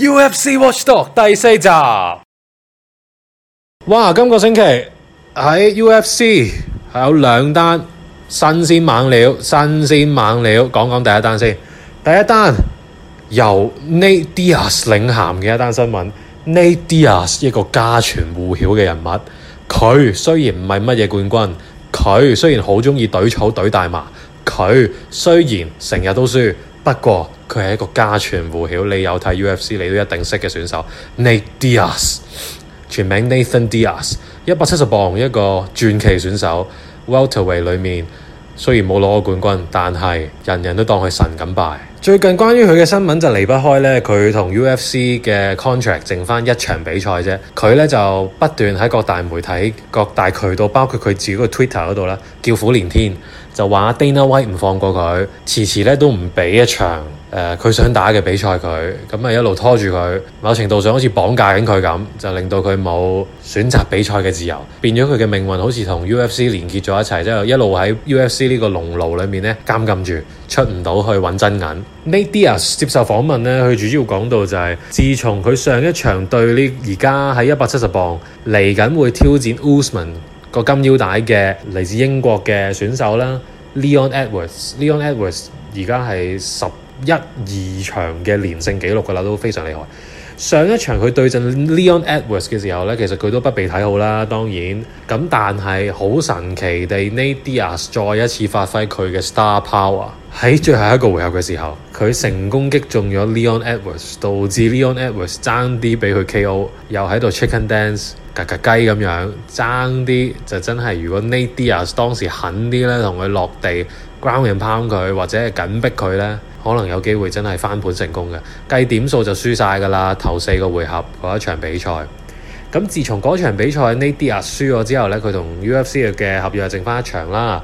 UFC Watchdog 第四集，哇！今個星期喺 UFC 係有兩單新鮮猛料，新鮮猛料。講講第一單先，第一單由 Nate Diaz 領銜嘅一單新聞。Nate Diaz 一個家傳戶曉嘅人物，佢雖然唔係乜嘢冠軍，佢雖然好鍾意懟草懟大麻，佢雖然成日都輸。不過佢係一個家傳戶曉，你有睇 UFC 你都一定識嘅選手 Nate Diaz，全名 Nathan Diaz，一百七十磅一個傳奇選手 Welterweight 裏面。雖然冇攞過冠軍，但係人人都當佢神咁拜。最近關於佢嘅新聞就離不開呢，佢同 UFC 嘅 contract 剩返一場比賽啫。佢咧就不斷喺各大媒體、各大渠道，包括佢自己個 Twitter 嗰度咧，叫苦連天，就話 Dana White 唔放過佢，遲遲咧都唔俾一場。誒，佢、呃、想打嘅比賽，佢咁咪一路拖住佢，某程度上好似綁架緊佢咁，就令到佢冇選擇比賽嘅自由，變咗佢嘅命運好似同 UFC 連結咗一齊，之、就、後、是、一路喺 UFC 呢個籠牢裏面咧監禁住，出唔到去揾真銀。Nate Diaz 接受訪問咧，佢主要講到就係、是，自從佢上一場對呢而家喺一百七十磅嚟緊會挑戰 Usman 個金腰帶嘅嚟自英國嘅選手啦，Leon Edwards，Leon Edwards 而家係十一、二場嘅連勝紀錄嘅啦，都非常厲害。上一場佢對陣 Leon Edwards 嘅時候呢，其實佢都不被睇好啦。當然咁，但係好神奇地 Nate Diaz 再一次發揮佢嘅 Star Power 喺最後一個回合嘅時候，佢成功擊中咗 Leon Edwards，導致 Leon Edwards 爭啲畀佢 KO，又喺度 Chicken Dance 格格雞咁樣爭啲就真係，如果 Nate Diaz 當時狠啲呢，同佢落地 Ground and Pound 佢或者係緊逼佢呢。可能有機會真係翻盤成功嘅，計點數就輸晒㗎啦。頭四個回合嗰一場比賽，咁自從嗰場比賽 Nate Diaz 輸咗之後呢，佢同 UFC 嘅合約剩翻一場啦。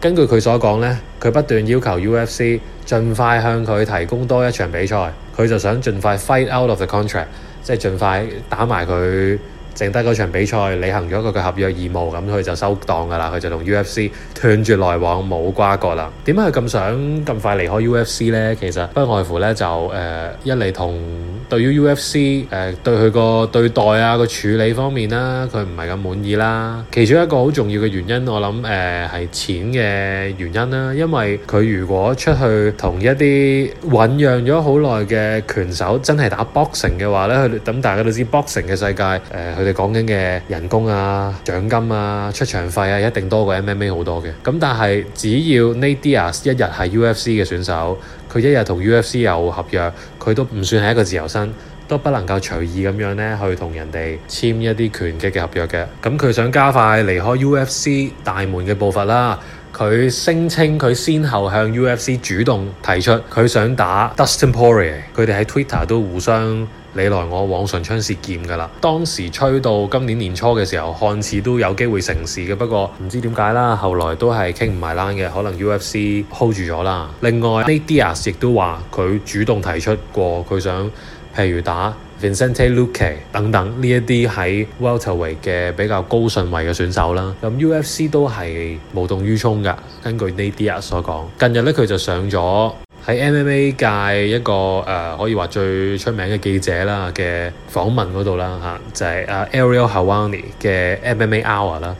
根據佢所講呢，佢不斷要求 UFC 盡快向佢提供多一場比賽，佢就想盡快 fight out of the contract，即係盡快打埋佢。剩低嗰場比賽，履行咗佢嘅合約義務，咁佢就收檔㗎啦。佢就同 UFC 斷絕來往，冇瓜葛啦。點解佢咁想咁快離開 UFC 咧？其實不外乎咧就誒一嚟同對於 UFC 誒對佢個對待啊個處理方面啦，佢唔係咁滿意啦。其中一個好重要嘅原因，我諗誒係錢嘅原因啦。因為佢如果出去同一啲醖釀咗好耐嘅拳手真係打 boxing 嘅話咧，咁大家都知道 boxing 嘅世界誒去。講緊嘅人工啊、獎金啊、出場費啊，一定多過 MMA 好多嘅。咁但係只要 Nadia 一日係 UFC 嘅選手，佢一日同 UFC 有合約，佢都唔算係一個自由身，都不能夠隨意咁樣呢去同人哋簽一啲拳擊嘅合約嘅。咁佢想加快離開 UFC 大門嘅步伐啦，佢聲稱佢先後向 UFC 主動提出佢想打 Dustin p o r i a 佢哋喺 Twitter 都互相。你來我往，唇槍舌劍嘅啦。當時吹到今年年初嘅時候，看似都有機會成事嘅，不過唔知點解啦。後來都係傾唔埋欄嘅，可能 UFC hold 住咗啦。另外 Nate Diaz 亦都話佢主動提出過，佢想譬如打 Vincente Luque 等等呢一啲喺 Welterweight 嘅比較高順位嘅選手啦。咁 UFC 都係無動於衷嘅。根據 Nate Diaz 所講，近日呢，佢就上咗。喺 MMA 界一個誒、呃、可以話最出名嘅記者啦嘅訪問嗰度啦嚇，就係、是、阿 Ariel Helwani 嘅 MMA Hour 啦，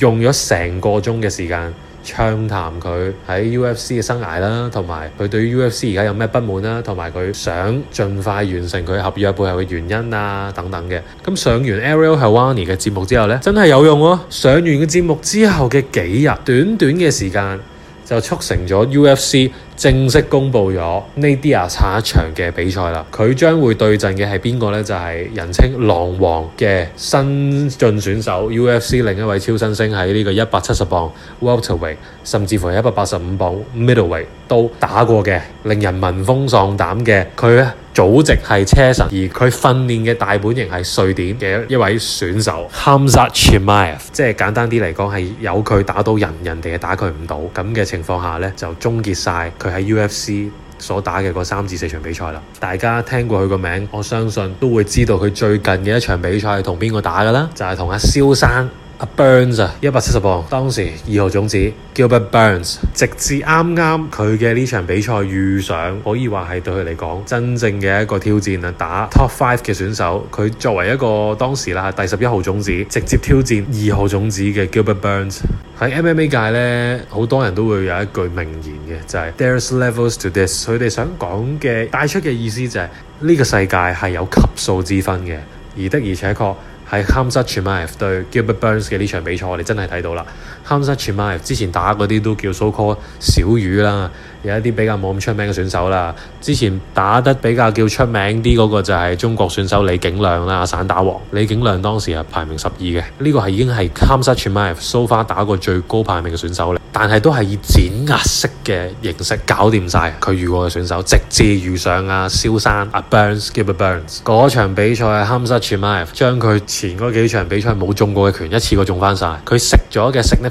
用咗成個鐘嘅時，時間暢談佢喺 UFC 嘅生涯啦，同埋佢對於 UFC 而家有咩不滿啦，同埋佢想盡快完成佢合約背後嘅原因啊等等嘅。咁上完 Ariel Helwani 嘅節目之後咧，真係有用咯、哦。上完嘅節目之後嘅幾日，短短嘅時間就促成咗 UFC。正式公布咗 Nate Diaz，下一場嘅比賽啦，佢將會對陣嘅係邊個咧？就係人稱狼王嘅新晉選手 UFC 另一位超新星喺呢個一百七十磅 Welterweight 甚至乎係一百八十五磅 Middleweight 都打過嘅，令人聞風喪膽嘅。佢祖籍係車臣，而佢訓練嘅大本營係瑞典嘅一位選手，Khamzat Chimaev。即係簡單啲嚟講，係有佢打到人，人哋係打佢唔到咁嘅情況下咧，就終結晒佢。喺 UFC 所打嘅嗰三至四場比賽啦，大家聽過佢個名字，我相信都會知道佢最近嘅一場比賽係同邊個打㗎啦，就係同阿蕭生。Burns 啊，一百七十磅，當時二號種子 Gilbert Burns，直至啱啱佢嘅呢場比賽遇上，可以話係對佢嚟講真正嘅一個挑戰啊！打 Top Five 嘅選手，佢作為一個當時啦係第十一號種子，直接挑戰二號種子嘅 Gilbert Burns。喺 MMA 界呢，好多人都會有一句名言嘅，就係 There's levels to this。佢哋想講嘅帶出嘅意思就係呢個世界係有級數之分嘅，而的而且確。係 Khamzat Chimaev 對 Gilbert Burns 嘅呢場比賽，我哋真係睇到喇。Khamzat Chimaev 之前打嗰啲都叫 so-called 小魚啦，有一啲比較冇咁出名嘅選手啦。之前打得比較叫出名啲嗰個就係中國選手李景亮啦，散打王。李景亮當時係排名十二嘅，呢、這個係已經係 Khamzat Chimaev so far 打過最高排名嘅選手啦。但係都係以碾壓式嘅形式搞掂晒佢遇過嘅選手，直至遇上阿、啊、蕭山阿 Burns，Gilbert Burns 嗰場比賽，Khamzat Chimaev 將佢前嗰幾場比賽冇中過嘅拳一次過中返晒。佢食咗嘅食得。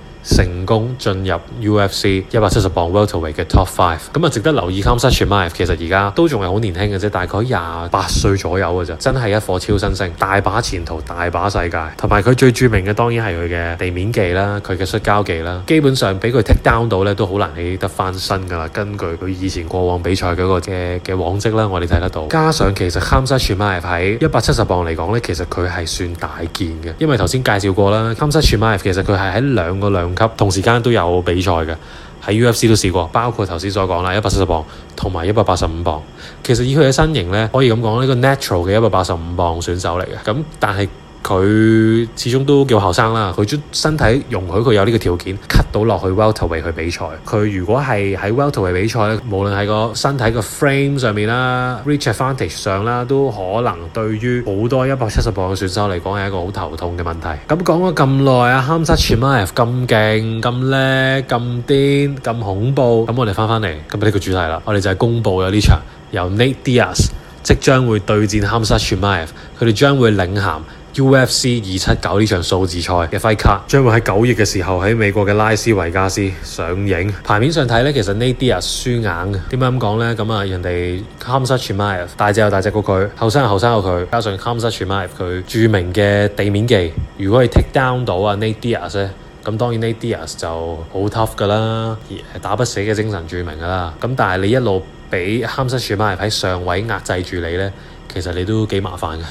成功進入 UFC 一百七十磅 Welterweight 嘅 Top Five，咁啊值得留意。Khamzat Chimaev 其實而家都仲係好年輕嘅啫，大概廿八歲左右嘅啫，真係一顆超新星，大把前途，大把世界。同埋佢最著名嘅當然係佢嘅地面技啦，佢嘅摔跤技啦，基本上俾佢 take down 到咧都好難起得翻身噶啦。根據佢以前過往比賽嗰個嘅嘅往績啦，我哋睇得到。加上其實 Khamzat Chimaev 喺一百七十磅嚟講咧，其實佢係算大件嘅，因為頭先介紹過啦，Khamzat Chimaev 其實佢係喺兩個兩同時間都有比賽嘅，喺 UFC 都試過，包括頭先所講啦，一百七十磅同埋一百八十五磅。其實以佢嘅身形咧，可以咁講，呢個 natural 嘅一百八十五磅選手嚟嘅。咁但係。佢始終都叫後生啦。佢將身體容許佢有呢個條件 cut 到落去 welterweight 去比賽。佢如果係喺 welterweight 比賽咧，無論係個身體嘅 frame 上面啦，reach advantage 上啦，都可能對於好多一百七十磅嘅選手嚟講係一個好頭痛嘅問題。咁講咗咁耐啊，Khamzat Chimaev 咁勁咁叻咁癲咁恐怖。咁我哋翻返嚟咁呢個主題啦，我哋就係公佈咗呢場由 Nate Diaz 即將會對戰 Khamzat Chimaev，佢哋將會領銜。UFC 二七九呢場數字賽嘅 Fight Card 將會喺九月嘅時候喺美國嘅拉斯維加斯上映。牌面上睇呢，其實 Nate Diaz 輸硬嘅。點解咁講呢？咁啊，人哋 Khamzat Chimaev 大隻又大隻過佢，後生又後生過佢。加上 Khamzat Chimaev 佢著名嘅地面技，如果係 take down 到啊 Nate Diaz 咧，咁當然 Nate Diaz 就好 tough 噶啦，係打不死嘅精神著名噶啦。咁但係你一路畀 Khamzat Chimaev 喺上位壓制住你呢，其實你都幾麻煩嘅。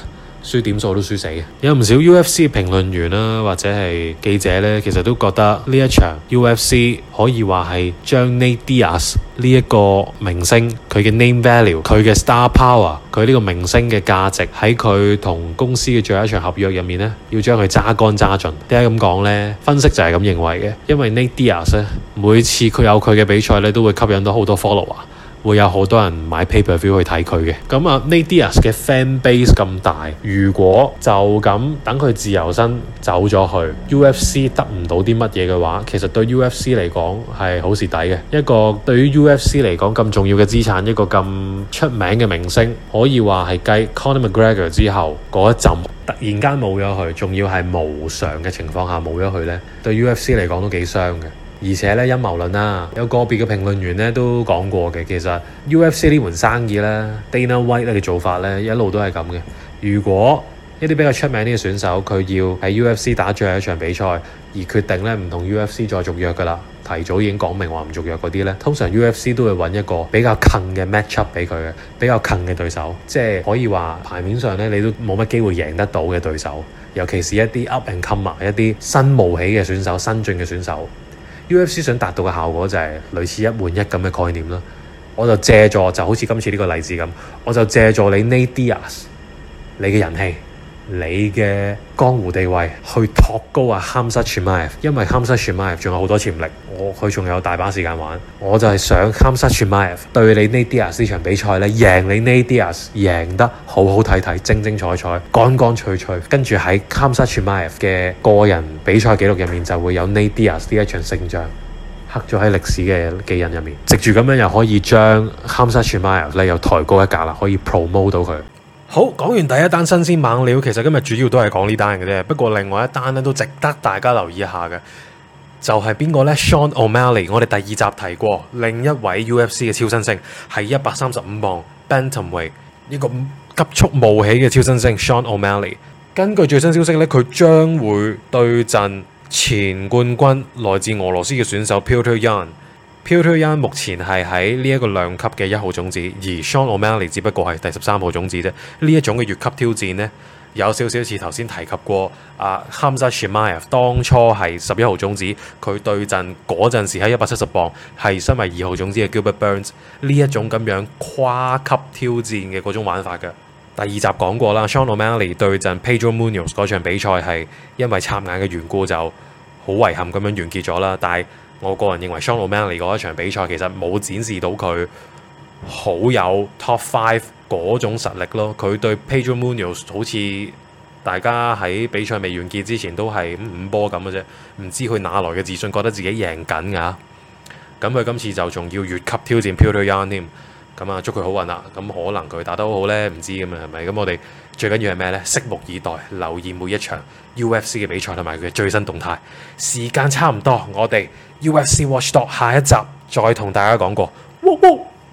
輸點數都輸死嘅有唔少 UFC 評論員啦、啊，或者係記者呢，其實都覺得呢一場 UFC 可以話係將 Nate Diaz 呢一個明星佢嘅 name value，佢嘅 star power，佢呢個明星嘅價值喺佢同公司嘅最後一場合約入面呢，要將佢揸乾揸盡。點解咁講呢？分析就係咁認為嘅，因為 Nate Diaz 咧每次佢有佢嘅比賽呢，都會吸引到好多 follower 會有好多人買 pay-per-view 去睇佢嘅，咁啊 Nate Diaz 嘅 fan base 咁大，如果就咁等佢自由身走咗去 UFC 得唔到啲乜嘢嘅話，其實對 UFC 嚟講係好蝕底嘅。一個對於 UFC 嚟講咁重要嘅資產，一個咁出名嘅明星，可以話係繼 Conor McGregor 之後嗰一陣突然間冇咗佢，仲要係無常嘅情況下冇咗佢呢，對 UFC 嚟講都幾傷嘅。而且呢，陰謀論啦，有個別嘅評論員呢都講過嘅。其實 UFC 呢門生意呢，Dana White 咧嘅做法呢，一路都係咁嘅。如果一啲比較出名啲嘅選手，佢要喺 UFC 打最後一場比賽而決定呢唔同 UFC 再續約噶啦，提早已經講明話唔續約嗰啲呢，通常 UFC 都會揾一個比較近嘅 match up 俾佢嘅比較近嘅對手，即係可以話牌面上呢，你都冇乜機會贏得到嘅對手，尤其是一啲 up and comer 一啲新冒起嘅選手、新進嘅選手。UFC 想達到嘅效果就係類似一換一咁嘅概念咯，我就借助，就好似今次呢個例子咁，我就借助你 Nate Diaz，你嘅人氣你嘅江湖地位去托高啊！Khamzat Chimaev 因為 Khamzat Chimaev 仲有好多潛力，我佢仲有大把時間玩。我就係想 Khamzat Chimaev 對你 Nate Diaz，呢場比賽咧贏你 Nate Diaz，贏得好好睇睇、精精彩彩、乾乾脆脆。跟住喺 Khamzat Chimaev 嘅個人比賽記錄入面就會有 Nate Diaz，呢一場勝仗刻咗喺歷史嘅記印入面。藉住咁樣又可以將 Khamzat Chimaev 咧又抬高一格啦，可以 promote 到佢。好，講完第一單新鮮猛料，其實今日主要都係講呢單嘅啫。不過另外一單呢都值得大家留意一下嘅，就係邊個呢？Sean O'Malley，我哋第二集提過另一位 UFC 嘅超新星，係一百三十五磅 Bantamweight，一個急速冒起嘅超新星 Sean O'Malley。根據最新消息呢，佢將會對陣前冠軍來自俄羅斯嘅選手 Petr Yan。Petr Yan 目前係喺呢一個量級嘅一號種子，而 Sean O’Malley 只不過係第十三號種子啫。呢一種嘅越級挑戰呢，有少少似頭先提及過阿、啊、Khamzat Chimaev 當初係十一號種子，佢對陣嗰陣時喺一百七十磅，係身為二號種子嘅 Gilbert Burns 呢一種咁樣跨級挑戰嘅嗰種玩法嘅。第二集講過啦，Sean O’Malley 對陣 Pedro Munoz 嗰場比賽係因為插眼嘅緣故就好遺憾咁樣完結咗啦，但係。我個人認為 Sean O'Malley 嗰一場比賽其實冇展示到佢好有 Top Five 嗰種實力咯，佢對 Pedro Munoz 好似大家喺比賽未完結之前都係五波咁嘅啫，唔知佢哪來嘅自信，覺得自己贏緊噶，咁佢今次就仲要越級挑戰 Petr Yan 添。咁啊，祝佢好運啦！咁可能佢打得好好咧，唔知咁啊，係咪？咁我哋最緊要係咩呢？拭目以待，留意每一場 UFC 嘅比賽同埋佢嘅最新動態。時間差唔多，我哋 UFC Watch 下一集再同大家講過。